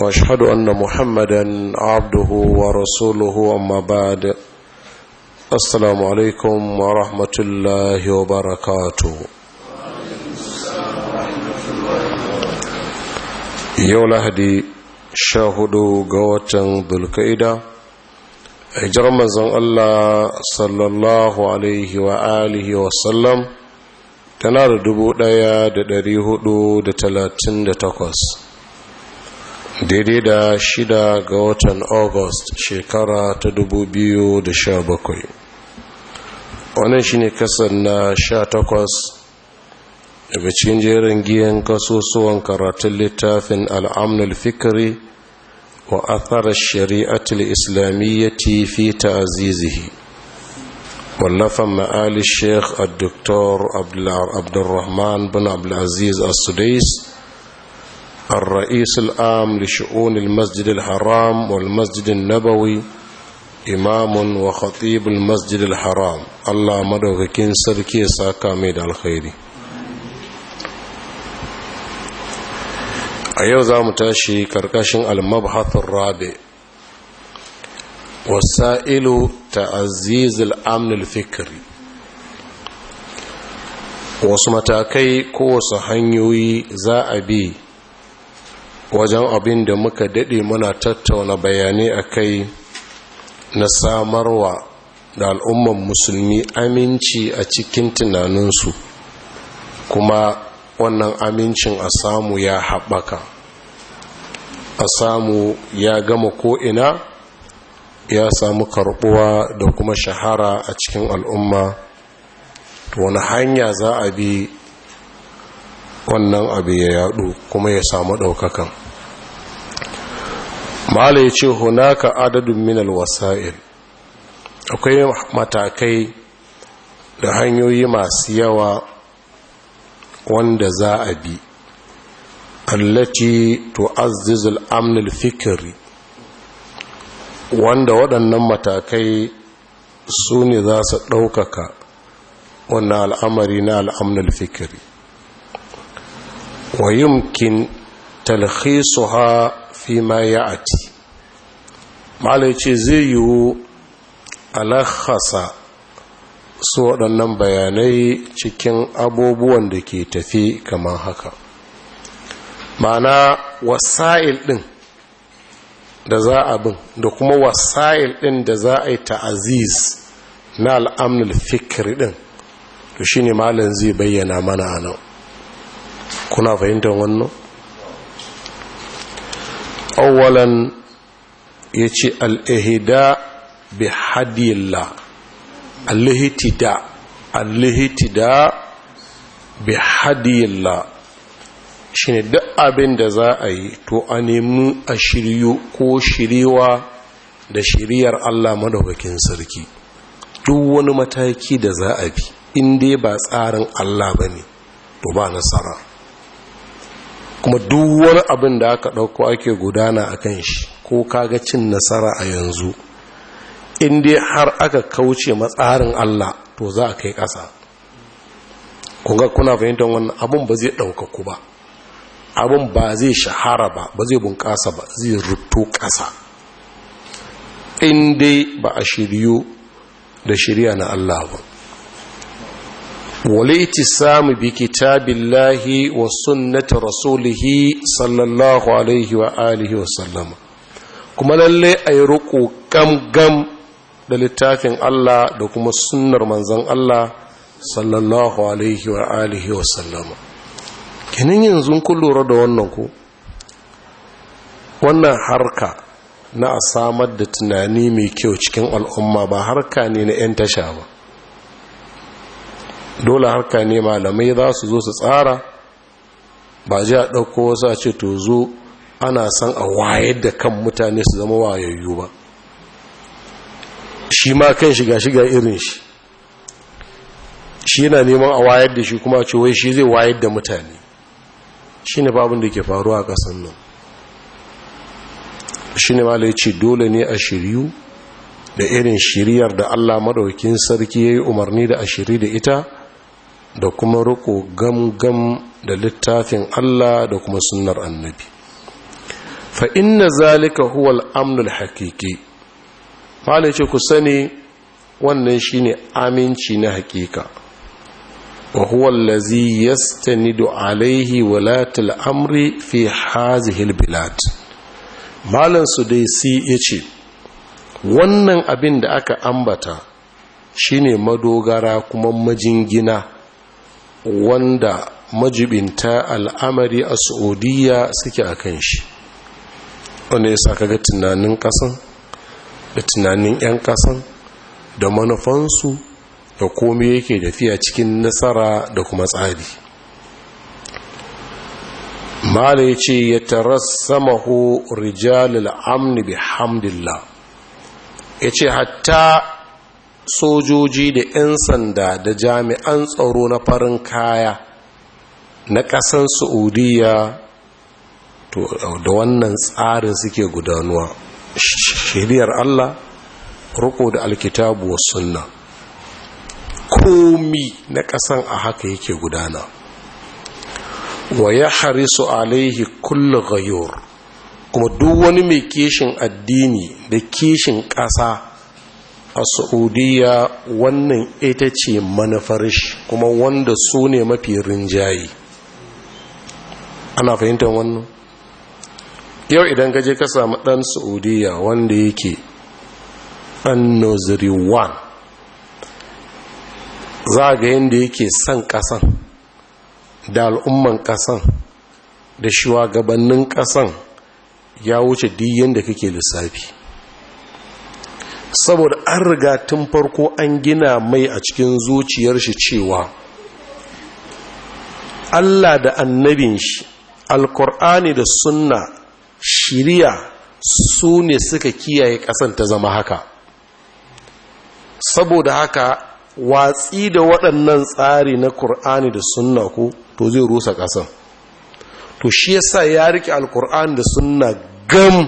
واشهد ان محمدا عبده ورسوله اما بعد السلام عليكم ورحمه الله وبركاته yau lahadi sha hudu ga watan dulka'ida a hijar manzon allah sallallahu tana da dubu ɗaya da dari hudu da talatin da takwas daidai da shida ga watan august shekara ta dubu biyu da sha bakwai. wannan shine kasan na sha takwas daga cikin jerin giyan kasusuwan karatun littafin al'amnul fikiri wa atharar shari'atul islamiyyati fi ta'azizihi wallafan ma'ali sheikh al-doktor abdulrahman bin abdulaziz as-sudais الرئيس العام لشؤون المسجد الحرام والمسجد النبوي إمام وخطيب المسجد الحرام الله مدوكين سركي ساكا ميد الخيري a yau za mu tashi ƙarƙashin almabhatun rabe wasa'ilu ta'azizul amnul fikiri. wasu matakai ko wasu hanyoyi za a bi wajen abin da muka daɗe muna tattauna bayanai a kai na samarwa da al'umman musulmi aminci a cikin tunaninsu kuma wannan amincin a samu ya haɓaka a samu ya gama ko'ina ya samu karɓuwa da kuma shahara a cikin al'umma wani hanya za a bi wannan abu ya yaɗu kuma ya samu ɗaukakan mala ya ce hunaka adadin minal wasa'il akwai matakai da hanyoyi masu yawa wanda za a bi allati tu'azziz al-amn al wanda waɗannan matakai su ne za su ɗaukaka wannan al'amari na al'amn fikiri fikri wa yumkin talhisuha fi ma ya'ati malai ce zai yiwu alakhasa su waɗannan bayanai cikin abubuwan da ke tafi kamar haka mana wasa'il ɗin da za a bin da kuma wasa'il ɗin da za a yi ta'aziz na al'amnul fikiri ɗin to shi ne malin zai bayyana mana a nan kuna fahimtar wannan awalan ya ce al'ihida bi hadiyalla al'ihitida al'ihitida bi hadiyalla shi ne duk abin da za a yi to a nemi a shiryu ko shiriwa da shiriyar Allah madaukakin sarki duk wani mataki da za a bi inda ba tsarin Allah ba ne to ba nasara kuma duk wani abin da aka ɗauko ake gudana a kan shi ko kaga cin nasara a yanzu in dai har aka kauce matsarin Allah to za a kai ƙasa kunga kuna fahimtar wannan abin ba zai ɗaukaku ba abin ba zai shahara ba ba zai bunƙasa ba zai rutu ƙasa in dai ba a shiryu da shirya na Allah ba walaiti samu bi kitabillahi wa sunnati rasulihi sallallahu alaihi wa alihi wa sallama kuma lalle a yi roƙo gam da littafin Allah da kuma sunnar manzan Allah sallallahu alaihi wa alihi wa sallama kinin yanzu kun lura da wannan ku wannan harka na a samar da tunani mai kyau cikin al'umma ba harka ne na 'yan tasha ba dole harka ne malamai za su zo su tsara ba ji a ɗauko wasu a ce to zo ana san a wayar da kan mutane su zama wayayyu ba shi ma kan shiga shiga irin shi shi yana neman a wayar da shi kuma ce wai shi zai wayar da mutane shi ne babin da ke faruwa a ƙasan nan shi ne malai ce dole ne a shiryu da irin shiryar da allah maɗaukin sarki ya yi umarni da a shiri da ita da kuma riko gamgam da littafin Allah da kuma sunnar annabi fa inna zalika huwal amnul hakiki Fale ce ku sani wannan shine aminci na hakika wa huwa allazi yastanidu alaihi walatul amri fi hazihi al-bilad malan si yace wannan abin da aka ambata shine madogara kuma majingina wanda majibinta al'amari a saudiya suke a kan shi wanda ya sa ga tunanin kasan da tunanin 'yan kasan da manufansu da komai yake tafiya cikin nasara da kuma tsari mala ya ce ya tarassamahu rijalil amni bihamdillah ya ce hatta sojoji da 'yan sanda da jami'an tsaro na farin kaya na ƙasan saudiya da wannan tsarin suke gudanuwa shiriyar allah riko da alkitabu wa sunna komi na ƙasan a haka yake gudana wa ya harisu alaihi kulle gayor kuma duk wani mai kishin addini da kishin ƙasa a saudiya wannan ita ce manufar shi kuma wanda su ne mafi rinjaye ana fahimtar wannan yau idan gaje ka samu dan saudiya wanda yake ɗan noziri 1 za ga yadda yake son kasan, da al'umman kasan, da shugabannin kasan, ya wuce diyan da kake lissafi saboda an riga tun farko an gina mai a cikin zuciyar shi cewa Allah da annabin shi alkur'ani da sunna shiriya su ne suka kiyaye ƙasan ta zama haka saboda haka watsi da waɗannan tsari na ƙur'ani da sunna ko to zai rusa ƙasan to shi yasa ya riƙe alkur'ani da sunna gam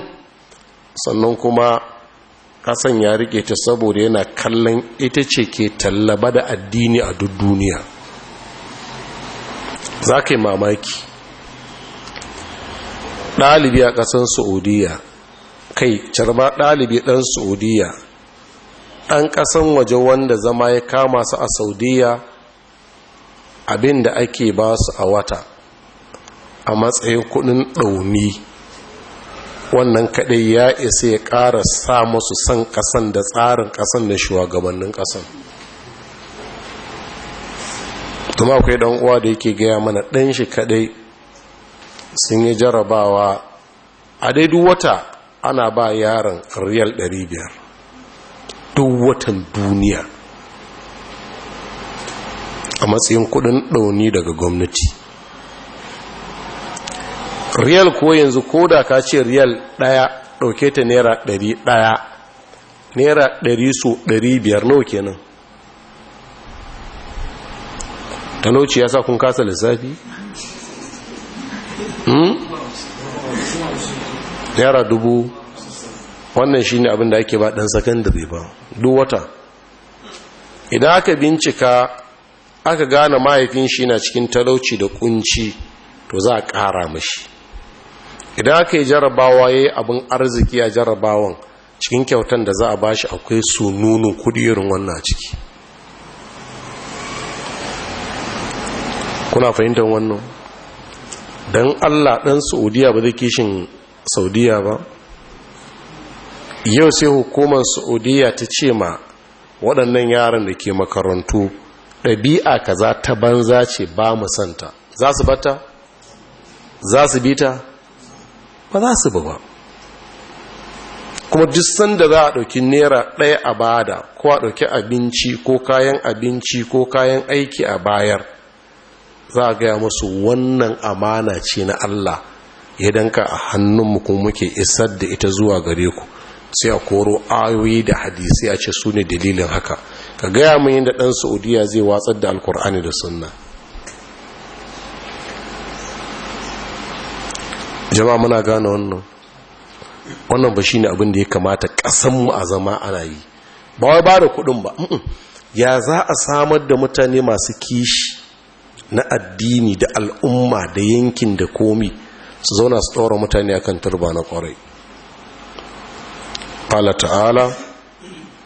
sannan kuma kasan ya rike ta saboda yana kallon ita ce ke tallaba da addini a duk duniya za ka yi mamaki ɗalibi a ƙasan saudiya kai carba ɗalibi ɗan saudiya ɗan ƙasan waje wanda zama ya kama su a saudiya abin da ake ba su a wata a matsayin kuɗin ɗauni wannan kadai ya isa ya ƙara sa masu san ƙasan da tsarin ƙasan da shugabannin ƙasan kuma akwai dan uwa da yake gaya mana 'dan shi kadai sun yi jarabawa a daidu wata ana ba yaron riyal 500 duk watan duniya a matsayin kudin ɗauni daga gwamnati riyal ko yanzu ko da ka ce riyal ɗaya ɗauke ta naira ɗari ɗaya naira ɗari su ɗari biyar nau kenan talauci ya sa kun kasa lissafi? Hmm? naira dubu wannan shi ne abinda ake ba ɗan sakandare ba duk wata idan aka bincika aka gane mahaifin shi na cikin talauci da kunci to za a ƙara mashi idan aka yi jarabawa ya yi abin arziki a jarabawan cikin kyautan da za a bashi akwai su nunu kudi irin wannan ciki kuna fahimtar wannan don allah ɗan saudiya ba zai kishin saudiya ba yau sai hukumar saudiya ta ce ma waɗannan yaran da ke makarantu ɗabi'a kaza ta banza ce ba santa, za su bata za su bita ba za su ba kuma duk sanda za a ɗauki naira ɗaya a bada ko a ɗauki abinci ko kayan abinci ko kayan aiki a bayar za a gaya musu wannan amana ce na Allah ya danka a hannunmu kuma muke isar da ita zuwa gare ku sai a koro ayoyi da hadisi a ce su ne dalilin haka ka gaya mun yadda ɗan Saudiyya zai watsar da alkur'ani da sunna jama'a muna gane wannan wannan ba shine abin da ya kamata kasan mu a zama ana yi ba wai bada da kuɗin ba ya za a samar da mutane masu kishi na addini da al'umma da yankin da komi su zauna su ɗora mutane akan turba na kwarai. ƙala ta'ala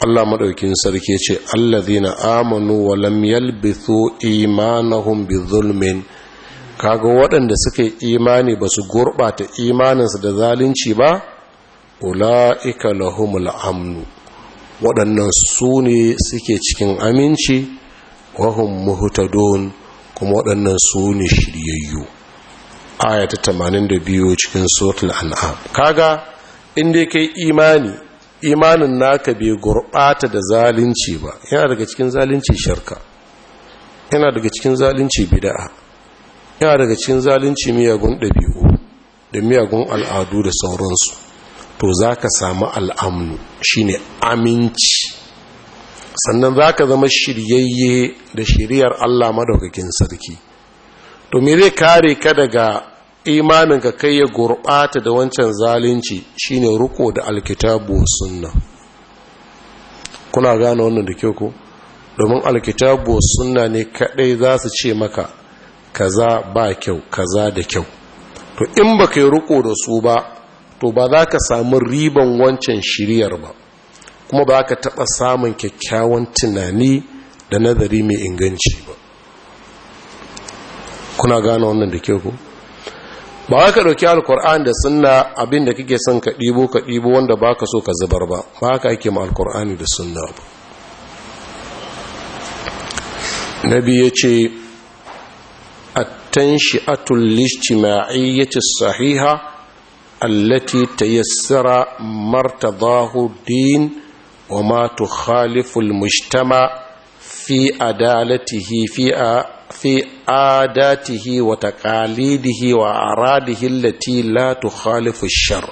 Allah maɗaukin sarki ce allazina amanu wa lam yalbithu imanahum bi zulmin kaga waɗanda suka yi imani ba su gurɓata imaninsu da zalunci ba ula'ika lahumul amnu waɗannan su ne suke cikin aminci wahum muhtadun kuma waɗannan su ne shiryayyu ayata 82 cikin suratul an'am kaga inda kai imani imanin naka bai gurɓata da zalunci ba yana daga cikin zalunci shirka yana daga cikin zalunci bid'a yana daga cikin zalunci miyagun ɗabi'u da miyagun al'adu da sauransu to za ka samu al'amnu shine aminci sannan za ka zama shiryayye da shiryar allah madaukakin sarki to me zai kare ka daga imaninka kai ya gurɓata da wancan zalunci shine riko da alkitabu sunna kuna gane wannan da kyau ko domin alkitabu sunna ne kadai za su ce maka kaza ba kyau kaza da kyau to in ba yi riko da su ba to ba za ka samu riban wancan shiriyar ba kuma ba ka taɓa samun kyakkyawan tunani da nazari mai inganci ba kuna gane wannan da kyau ku ba ka ɗauki alkur'an da sunna abinda kake son ka ɗibo ka ɗibo wanda ba ka so ka zubar ba ba ka ake ma alkur'ani da sunna ba nabi ya ce التنشئة الاجتماعية الصحيحة التي تيسر ما ارتضاه الدين وما تخالف المجتمع في عدالته في في عاداته وتقاليده وأراده التي لا تخالف الشر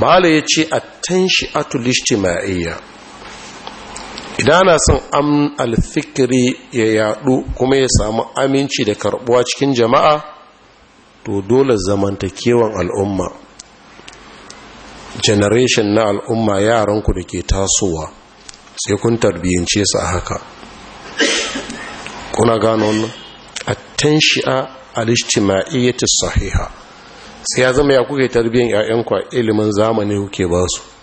ما لا يجي التنشئة الاجتماعية idan ana son am alfikiri ya yadu kuma ya samu aminci da karbuwa cikin jama'a to dole zamantakewan al'umma generation na al'umma yaranku da ke tasowa sai kun tarbiyyance su a haka kuna gano wannan attention al-ijtimaiyyah sahiha sai ya zama ya kuke tarbiyyar ƴaƴanku a ilimin zamani kuke ba su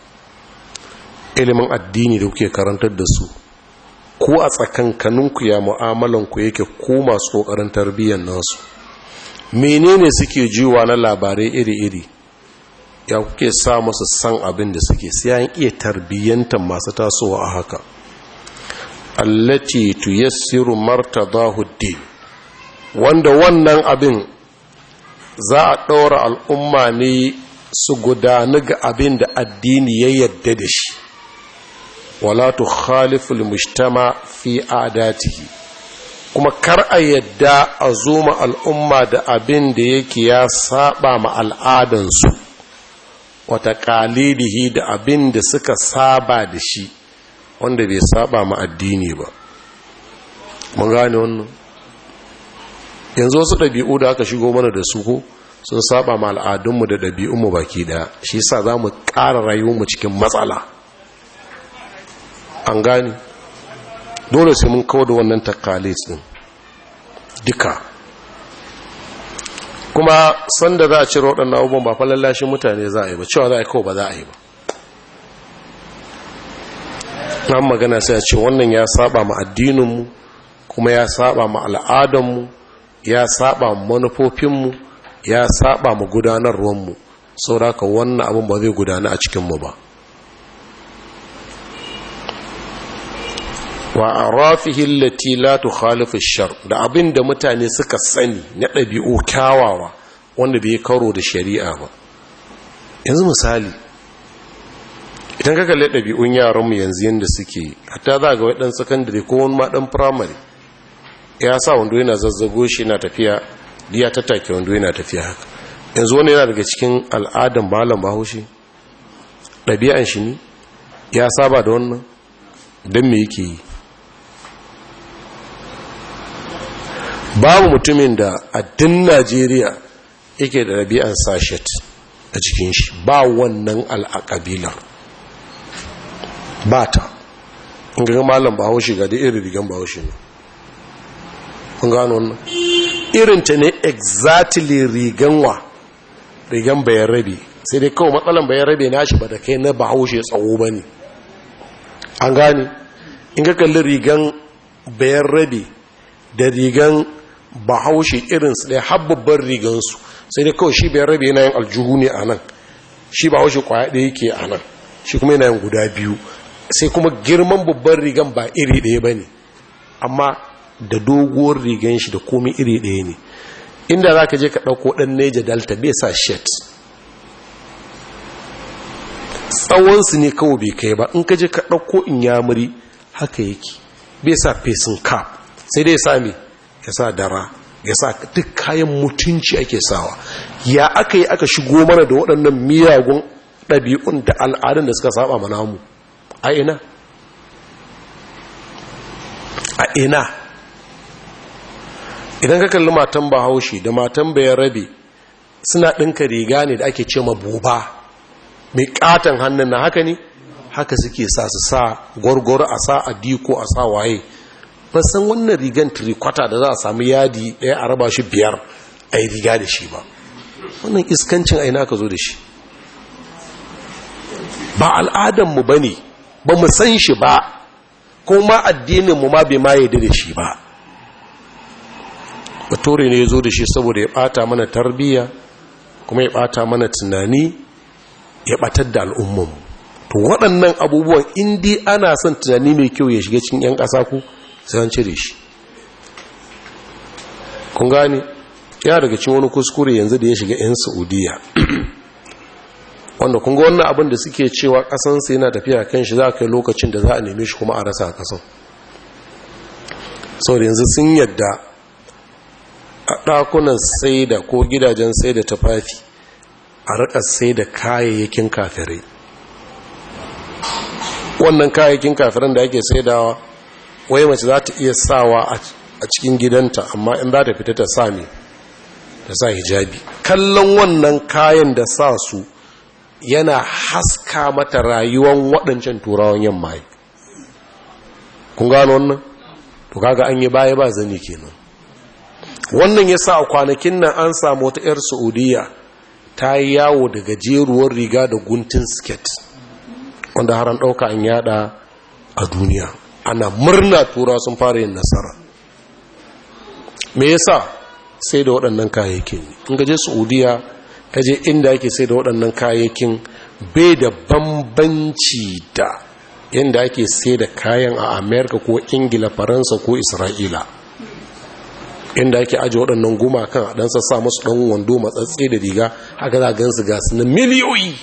ilimin addini da kuke karantar da su ko a tsakankaninku ya mu'amalanku yake ko masu ƙoƙarin tarbiyyar nasu menene suke jiwa na labarai iri-iri ya kuke sa masu san abin da suke siyan iya tarbiyyantar masu tasowa a haka allati martaba huddi wanda wannan abin za a ɗora al'umma ne su gudanu ga abin da addini ya yadda da shi wala tu khaliful mujtama fi adatihi kuma kar a yadda a zuma al'umma da abin da yake ya saba ma al'adansu wata da abin da suka saba da shi wanda bai saba ma addini ba mun gane wannan yanzu wasu ɗabi'u da aka shigo mana da su ko sun saba ma al'adunmu da ɗabi'unmu baki ɗaya shi sa za mu ƙara rayuwarmu cikin matsala an gani dole sai mun kawo da wannan takalis din duka kuma sanda za a cire waɗannan abubuwan ba fa lallashin mutane za a yi ba cewa za a yi kawo ba za a yi ba na magana sai a ce wannan ya saba ma addininmu kuma ya saba ma mu ya saba ma manufofinmu ya saba ma gudanarwanmu sauraka wannan abin ba zai gudana a cikinmu ba wa arafihi allati la tukhalifu shar da abin da mutane suka sani na ɗabi'u kyawawa wanda bai karo da shari'a ba yanzu misali idan ka kalli ɗabi'un yaranmu yanzu yadda suke hatta za ga waɗan sakandare ko wani ma ɗan firamare ya sa wando yana zazzago shi yana tafiya ya tattake wando yana tafiya haka yanzu wani yana daga cikin al'adan malam bahaushe ɗabi'an shi ne ya saba da wannan don me yake yi babu mutumin da a din najeriya yake da rabi'an sashet a cikin shi ba wannan al'akabilar ba ta ƙungarin malam bahaushe ga da irin rigan bahaushe ne kun gano wannan irinta ne exactly rigan wa rigan bayan rabi sai dai kawo matsalan bayan rabi na shi ba da kai na bahaushe tsawo ba ne an gani. in ga kalli rigan bayan rabi da rigan bahaushe irinsu ɗaya habbabban rigansu sai dai kawai shi bayan rabe yana yin aljuhu ne a nan shi bahaushe kwaya ɗaya yake a nan shi kuma yana yin guda biyu sai kuma girman babban rigar ba iri ɗaya ba ne amma da doguwar rigar shi da komi iri ɗaya ne inda za ka je ka ɗauko ɗan neja delta bai sa shet tsawonsu ne kawai bai kai ba in ka je ka ɗauko in yamuri haka yake bai sa fesin kap sai dai sami ya sa dara ya sa duk kayan mutunci ake sawa ya aka yi aka shigo mana da waɗannan miyagun ɗabi'un da al'adun da suka saba mana mu a ina a ina idan ka kalli matan bahaushe da matan bayan rabe suna ɗinka riga ne da ake ce ma buba mai ƙaton hannun na haka ne haka suke sa su sa gwargwaro a sa a a sa waye ba san wannan rigan tirikwata da za a samu yadi ɗaya a raba shi biyar a yi riga da shi ba wannan iskancin aina ka zo da shi ba al'adanmu ba ne ba mu san shi ba ko ma addininmu ma bai maye da shi ba bature ne ya zo da shi saboda ya bata mana tarbiyya kuma ya ɓata mana tunani ya batar da al'ummanmu to waɗannan abubuwan indi ana son tunani mai kyau ya shiga cikin 'yan ƙasa ku sai an cire shi kun gani ya daga cin wani kuskure yanzu da ya shiga 'yan saudiya wanda kun ga wannan abin da suke cewa kasansa yana tafiya kan shi za a kai lokacin da za a neme shi kuma a rasa kasan sau da yanzu sun yadda a ɗakunan sai da ko gidajen sai da tafafi a rika sai da kayayyakin kafirai wannan kayayyakin kafiran da ake saidawa wai mace za ta iya sawa a cikin gidanta amma in za ta fita ta sa ta sa hijabi kallon wannan kayan da sa su yana haska mata rayuwar waɗancan turawan yamma kun gano wannan to kaga an yi baya ba zani kenan wannan ya sa a kwanakin nan an samu wata 'yar saudiya ta yi yawo daga jeruwar riga da guntun siket, wanda haran an ɗauka an yada a duniya ana murna tura sun fara yin nasara me yasa sai da waɗannan kayayyakin in gaje saudiya kaje inda ake sai da waɗannan kayayyakin bai da bambanci da inda ake sai da kayan a amerika ko ingila faransa ko isra'ila inda ake aji waɗannan gumakan a ɗansa sa masu ɗan wando matsatsi da riga haka za a su gasu na miliyoyi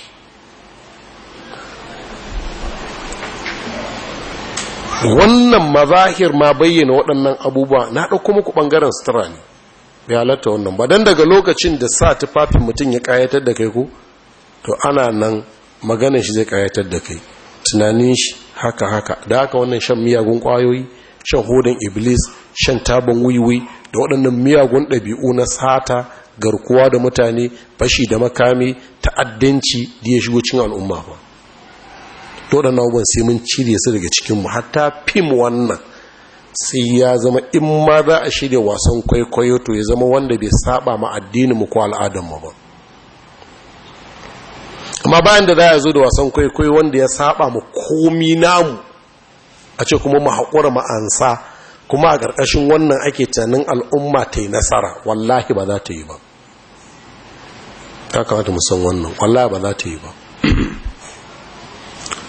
wannan mazahir ma bayyana waɗannan abubuwa na ɗauko muku ɓangaren sutura ne ya halatta wannan ba don daga lokacin da sa tufafin mutum ya ƙayatar da kai ko to ana nan maganin shi zai ƙayatar da kai tunanin shi haka haka da haka wannan shan miyagun ƙwayoyi shan hudun iblis shan tabon wiwi da waɗannan miyagun ɗabi'u na sata garkuwa da mutane fashi da makami ta'addanci da ya shigo cin al'umma ba to da abubuwan sai mun cire su daga cikin mu hatta fim wannan sai ya zama in ma za a shirya wasan kwaikwayo to ya zama wanda bai saba ma addinin mu ko mu ba amma bayan da za a zo da wasan kwaikwayo wanda ya saba mu komi namu a ce kuma mu haƙura ansa, kuma a ƙarƙashin wannan ake tunanin al'umma ta yi nasara wallahi ba za ta yi ba ta kamata musan wannan wallahi ba za ta yi ba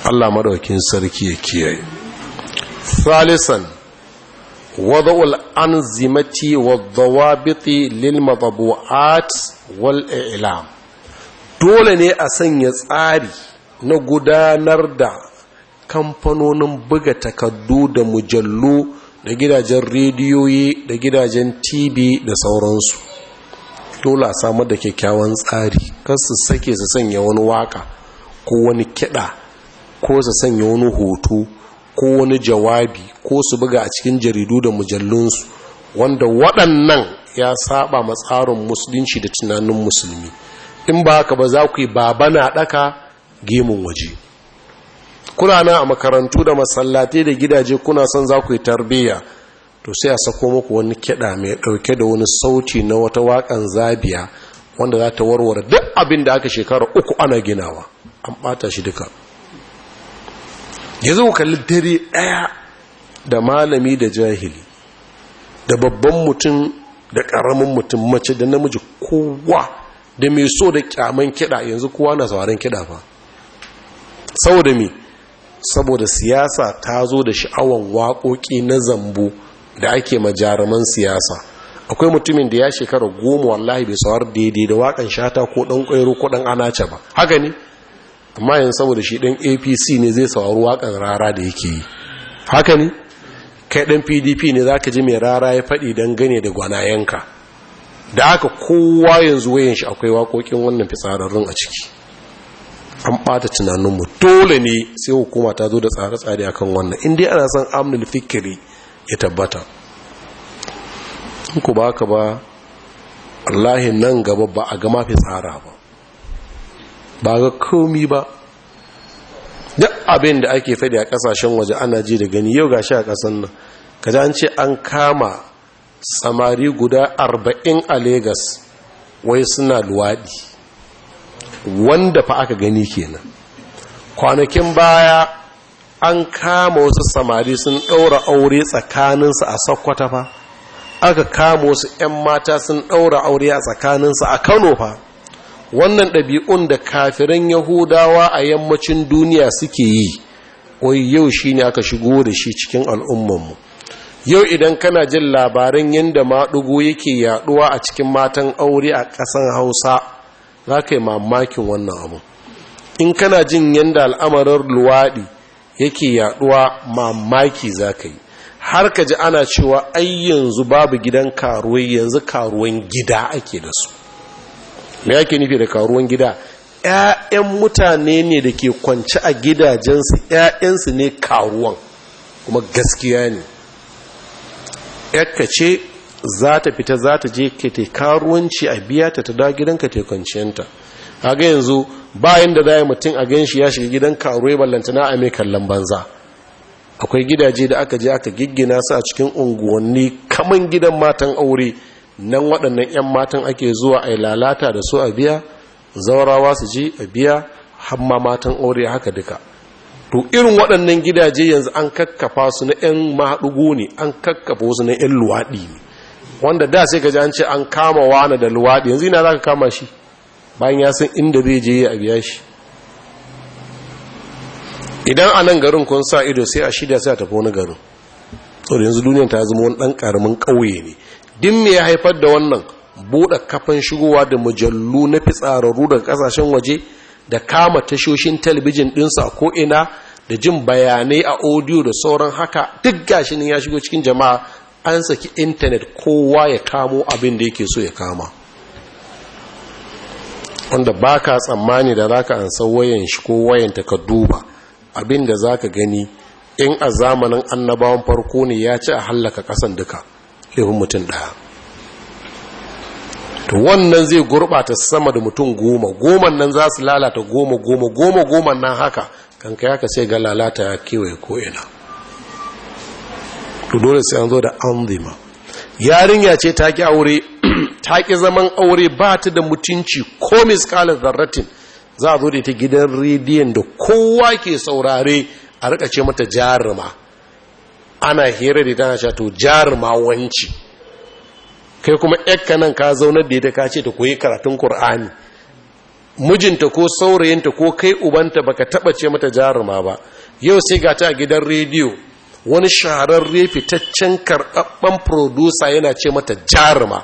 Allah madaukin sarki ya kiyaye salisan wada'ul anzimati wadawabiti lil wal i'lam dole ne a sanya tsari na gudanar da kamfanonin buga takardu da mujallu da gidajen rediyoyi da gidajen tv da sauransu dole a samar da kyakkyawan tsari kan su sake su sanya wani waka ko wani kiɗa ko su sanya wani hoto ko wani jawabi ko su buga a cikin jaridu da mujallunsu wanda waɗannan ya saba matsarin musulunci da tunanin musulmi in ba haka ba za ku yi na ɗaka gemun waje kuna na a makarantu da masallatai da gidaje kuna son za ku yi tarbiyya to sai a sako muku wani kiɗa mai ɗauke da wani sauti na wata waƙan zabiya wanda za ta warware duk abin da aka shekara uku ana ginawa an ɓata shi duka yanzu ku kalli dare ɗaya da malami da jahili da babban mutum da ƙaramin mutum mace da namiji kowa da mai so da kyaman kiɗa yanzu kowa na sauraron kiɗa fa saboda me saboda siyasa ta zo da sha'awan waƙoƙi na zambu da ake majaraman siyasa akwai mutumin da ya shekara goma wallahi bai sawar daidai da wakan shata ko ɗan ƙwairo ko dan anace ba haka ne amma yin saboda shi ɗan apc ne zai saurari waƙar rara da yake yi haka ne kai ɗan pdp ne za ka ji mai rara ya faɗi don gane da gwanayenka da aka kowa yanzu wayan shi akwai waƙoƙin wannan fitsararrun a ciki an ɓata tunaninmu dole ne sai hukuma ta zo da tsare-tsare a kan wannan inda ana son amnul fikiri ya tabbata in ku ba ka ba allahi nan gaba ba a gama fitsara ba ba ga komi ba duk abin da ake faɗi a kasashen waje ana ji da gani yau gashi a kasan nan kaji an ce an kama samari guda arba'in a Legas wai suna luwaɗi wanda fa aka gani kenan kwanakin baya an kama wasu samari sun ɗaura aure tsakaninsu a sakkwata fa aka kama wasu 'yan mata sun ɗaura aure a tsakaninsu a kano fa wannan ɗabi'un da kafiran yahudawa a yammacin duniya suke yi wai yau shi ne aka shigo da shi cikin al'ummanmu yau idan kana jin labaran yadda maɗugo yake yaɗuwa a cikin matan aure a ƙasan hausa za ka yi mamakin wannan abu in kana jin yadda al'amarin luwaɗi yake yaɗuwa mamaki za ka yi har ka ji ana cewa ai yanzu babu gidan karuwai yanzu karuwan gida ake da su me yake nufi da karuwan gida ‘ya'yan mutane ne da ke kwanci a gidajensu ‘ya'yansu ne karuwan kuma gaskiya ne ‘yakka ce za ta fita za ta je ke te karuwanci a biya ta ta da gidanka te kwanciyanta a ga yanzu bayan da za mutum a gan shi ya shiga gidan karuwa ballantana a mai kallon banza akwai gidaje da aka je aka giggina su a cikin unguwanni kaman gidan matan aure nan waɗannan 'yan matan ake zuwa a lalata da su a biya zaurawa su ji a biya hamma matan aure haka duka to irin waɗannan gidaje yanzu an kakkafa su na 'yan mahaɗugu ne an kakkafa wasu na 'yan luwaɗi ne wanda da sai gaji an ce an kama wani da luwaɗi yanzu ina za ka kama shi bayan ya san inda zai je a biya shi idan a nan garin kun sa ido sai a shida sai a tafi wani garin so yanzu duniyar ta zama wani ɗan ƙaramin ƙauye ne din me ya haifar da wannan buɗe kafan shigowa da mujallu na fitsararru daga ƙasashen waje da kama tashoshin talabijin ɗinsu a ko'ina da jin bayanai a audio da sauran haka duk gashi ya shigo cikin jama'a an saki intanet kowa ya kamo abin da yake so ya kama wanda ba ka tsammani da za ka ansa wayan shi ko wayanta ka duba abin da za ka gani in a zamanin annabawan farko ne ya ci a hallaka ƙasan duka laifin mutum ɗaya to wannan zai gurɓata sama da mutum goma goman nan za su lalata goma goma goma goman nan haka kanka ya ka sai ga lalata ya kewaye ko'ina to dole sai an zo da an zima yarinya ce ta ki aure ta ki zaman aure ba ta da mutunci ko miskalar zarratin za a zo da ita gidan rediyon da kowa ke saurare a rikace mata jaruma ana hira da tana to jarumawanci kai kuma yakka nan ka zaunar da ita ka ce ta koyi karatun Kur'ani. mijinta ko saurayinta ko kai ubanta baka taɓa ce mata jaruma ba yau sai ga ta a gidan rediyo wani shahararre fitaccen karɓaɓɓen producer yana ce mata jaruma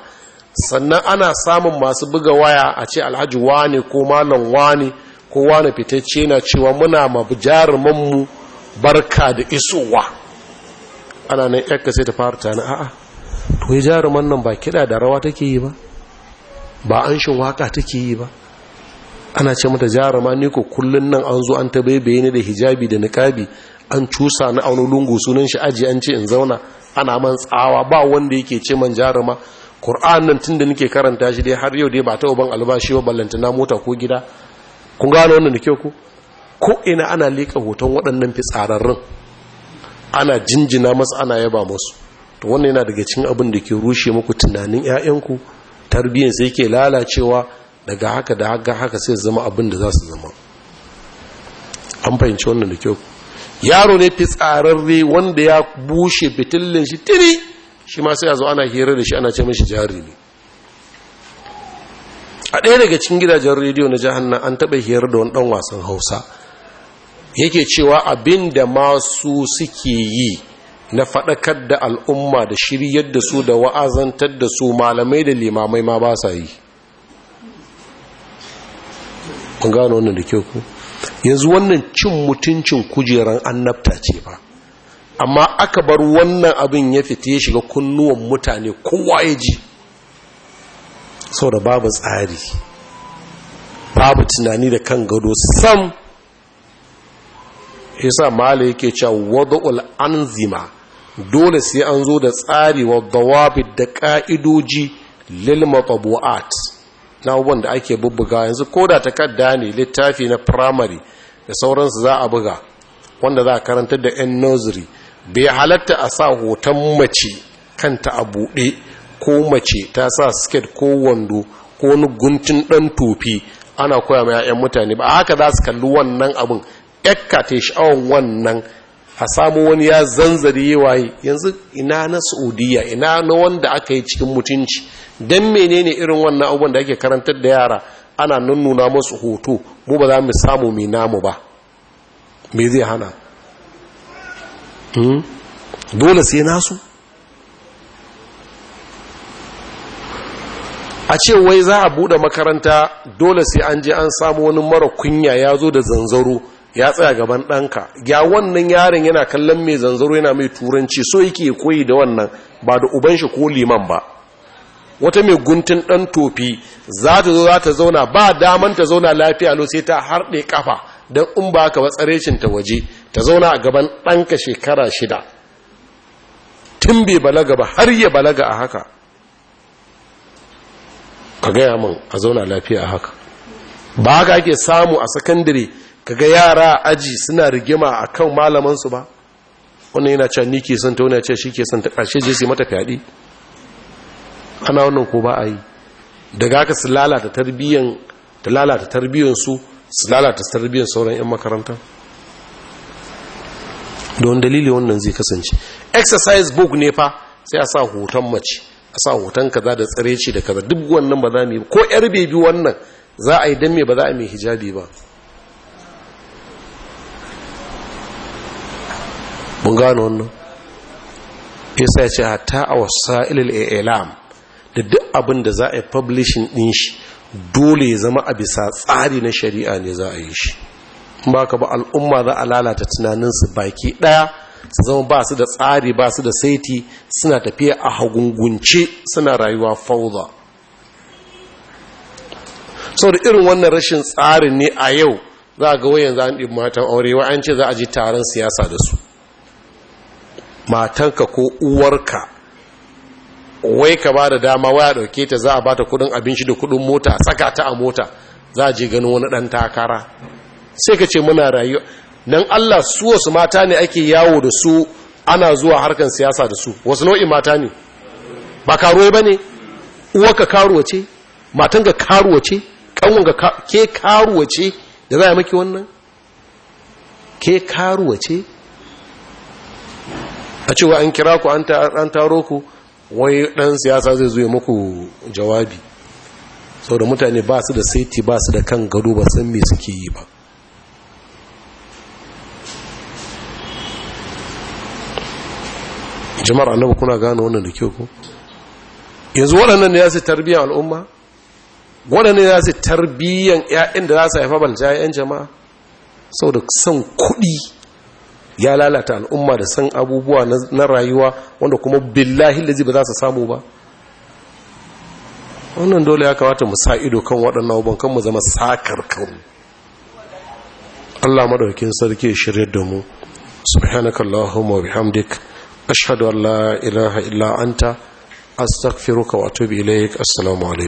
sannan ana samun masu buga waya a ce alhaji wani ko malam wani ko wani fitacce na cewa muna ma jarumanmu barka da isowa ana nan yakka sai ta fara tana a'a to ya jaruman nan ba kiɗa da rawa take yi ba ba an shin waka take yi ba ana ce mata jaruma ni ko kullun nan an zo an ta baibaye ni da hijabi da niqabi an cusa na wani lungu sunan shi aji an ce in zauna ana man tsawa ba wanda yake ce man jaruma qur'an nan tunda nake karanta shi dai har yau dai ba ta uban albashi ba ballanta na mota ko gida kun gano wannan da kyau ko ko ina ana leka hoton waɗannan fitsararrun ana jinjina masu ana yaba masu to wannan yana daga cikin abin da ke rushe muku tunanin 'ya'yanku tarbiyyar sai ke lalacewa daga haka da haka haka sai zama abin da za su zama an fahimci wannan da kyau yaro ne fi tsararre wanda ya bushe fitillin shi tiri shi ma sai a zo ana hira da shi ana ce mashi jari ne a ɗaya daga cikin gidajen rediyo na jihar nan an taɓa hira da wani ɗan wasan hausa yake cewa abin da masu suke yi na faɗakar da al'umma da shiryar da su da wa'azantar da su malamai da limamai ma ba sa yi kun gano wannan da kyau ku yanzu wannan cin mutuncin kujeran annabta ce ba amma aka bar wannan abin ya fita ya shiga kunnuwan mutane kowa ya ji sau da babu tsari babu tunani da kan gado sam yasa mali yake cewa wad'ul anzima dole sai an zo da tsari wa dawabi da ka'idoji lil matabu'at na abubuwan da ake bubbuga yanzu ko da takarda ne littafi na primary da sauransu za a buga wanda za a karantar da 'yan nursery bai halatta a sa hoton mace kanta a buɗe ko mace ta sa skirt ko wando ko wani guntun ɗan tofi ana koya ma 'ya'yan mutane ba haka za su kalli wannan abin yakka ta sha'awan wannan a samu wani ya zanzari yi waye yanzu ina na saudiya ina na wanda aka yi cikin mutunci don menene irin wannan abubuwan da ake karantar da yara ana nuna masu hoto mu ba za mu samu mai namu ba me zai hana hmm? dole sai nasu a ce wai za a bude makaranta dole sai an je an samu wani mara kunya ya zo da zanzaro ya tsaya gaban ɗanka ya wannan yaron yana kallon mai zanzaro yana mai turanci so yake koyi da wannan ba da uban shi ko liman ba wata mai guntun ɗan tofi za ta zo za ta zauna ba daman ta zauna lafiya lo sai ta harɗe kafa don in ba ka batsarecin ta waje ta zauna a gaban ɗanka shekara shida tun bai balaga ba har ya balaga a haka ka gaya min a zauna lafiya a haka ba haka ake samu a sakandare kaga yara aji suna rigima a kan malamansu ba wannan yana cewa ni ke santa ta wani ya ce shi ke son ta ƙarshe je su mata fyaɗe ana wannan ko ba a yi daga aka su lalata tarbiyyan ta lalata tarbiyyan su su lalata tarbiyyan sauran 'yan makaranta don dalili wannan zai kasance exercise book ne fa sai a sa hoton mace a sa hoton kaza da tsare ce da kaza duk wannan ba za mu yi ko yar bebi wannan za a yi dan me ba za a mai hijabi ba mun gano wannan yasa ce hatta a ilil ilam da duk abin da za a yi publishing din shi dole ya zama a bisa tsari na shari'a ne za a yi shi ba ka ba al'umma za a lalata tunaninsu baki ɗaya su zama ba su da tsari ba su da saiti suna tafiya a hagungunce suna rayuwa fauza sau da irin wannan rashin tsarin ne a yau za a ga wayan za a ɗi matan aure wa'ance za a ji taron siyasa da su matanka ko uwarka wai ka ba da dama waya dauke ta za a ba ta kudin abinci da kudin mota saka ta a mota za a je ganin wani ɗan takara sai ka ce muna rayuwa don allah su wasu mata ne ake yawo da su ana zuwa harkar siyasa da su wasu nau'in mata ne ba karuwa ba ne uwarka karuwa ce matanka karuwa ce kanwanka ke karuwa ce da za a maki wannan ke karuwa ce a cewa an kira ku an taro ku wai dan siyasa zai zuwa muku jawabi sau da mutane ba su da saiti ba su da kan gado ba san me suke yi ba jama'ar annabu kuna gane wannan da kyau ko yanzu waɗannan ya su tarbiyyar al'umma waɗannan ya su tarbiyyar 'ya'yan da za su haifa balja 'yan jama'a sau da son kuɗi ya lalata al'umma da san abubuwa na rayuwa wanda kuma billahi lazi ba za su samu ba wannan dole ya kamata mu sa ido kan waɗannan abubuwan kan mu zama sakar kan Allah madaukin sarki ya shirye da mu subhanakallahumma wa bihamdik ashhadu an la ilaha illa anta astaghfiruka wa atubu ilaik assalamu